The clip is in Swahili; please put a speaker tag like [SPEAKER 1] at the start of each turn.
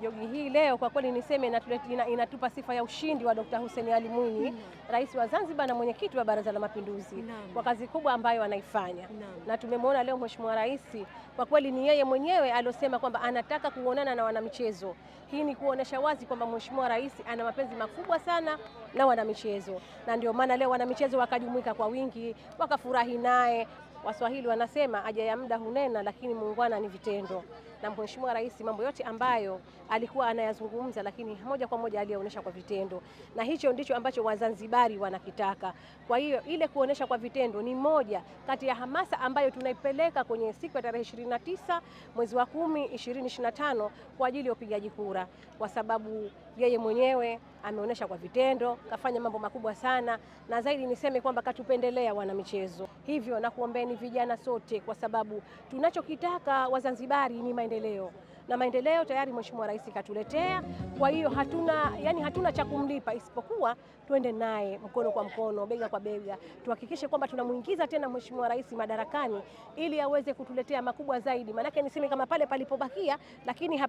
[SPEAKER 1] jogi hii leo kwa kweli niseme inatupa sifa ya ushindi wa Dr. Hussein Ali Mwinyi, rais wa Zanzibar na mwenyekiti wa Baraza la Mapinduzi kwa kazi kubwa ambayo anaifanya na, na tumemwona leo Mheshimiwa Rais kwa kweli ni yeye mwenyewe aliosema kwamba anataka kuonana na wanamichezo. Hii ni kuonesha wazi kwamba Mheshimiwa Rais ana mapenzi makubwa sana na wanamichezo, na ndio maana leo wanamichezo wakajumuika kwa wingi wakafurahi naye. Waswahili wanasema aja ya muda hunena, lakini muungwana ni vitendo na Mheshimiwa Rais mambo yote ambayo alikuwa anayazungumza, lakini moja kwa moja aliyaonesha kwa vitendo, na hicho ndicho ambacho Wazanzibari wanakitaka. Kwa hiyo ile kuonesha kwa vitendo ni moja kati ya hamasa ambayo tunaipeleka kwenye siku ya tarehe 29 mwezi wa 10 2025 kwa ajili ya upigaji kura, kwa sababu yeye mwenyewe ameonyesha kwa vitendo, kafanya mambo makubwa sana, na zaidi niseme kwamba katupendelea michezo. Hivyo nakuombeni vijana sote, kwa sababu tunachokitaka Wazanzibari ni maendeleo na maendeleo tayari Mheshimiwa Rais katuletea. Kwa hiyo hatuna, yani hatuna cha kumlipa isipokuwa tuende naye mkono kwa mkono, bega kwa bega, tuhakikishe kwamba tunamuingiza tena Mheshimiwa Rais madarakani ili aweze kutuletea makubwa zaidi, maanake niseme kama pale palipobakia, lakini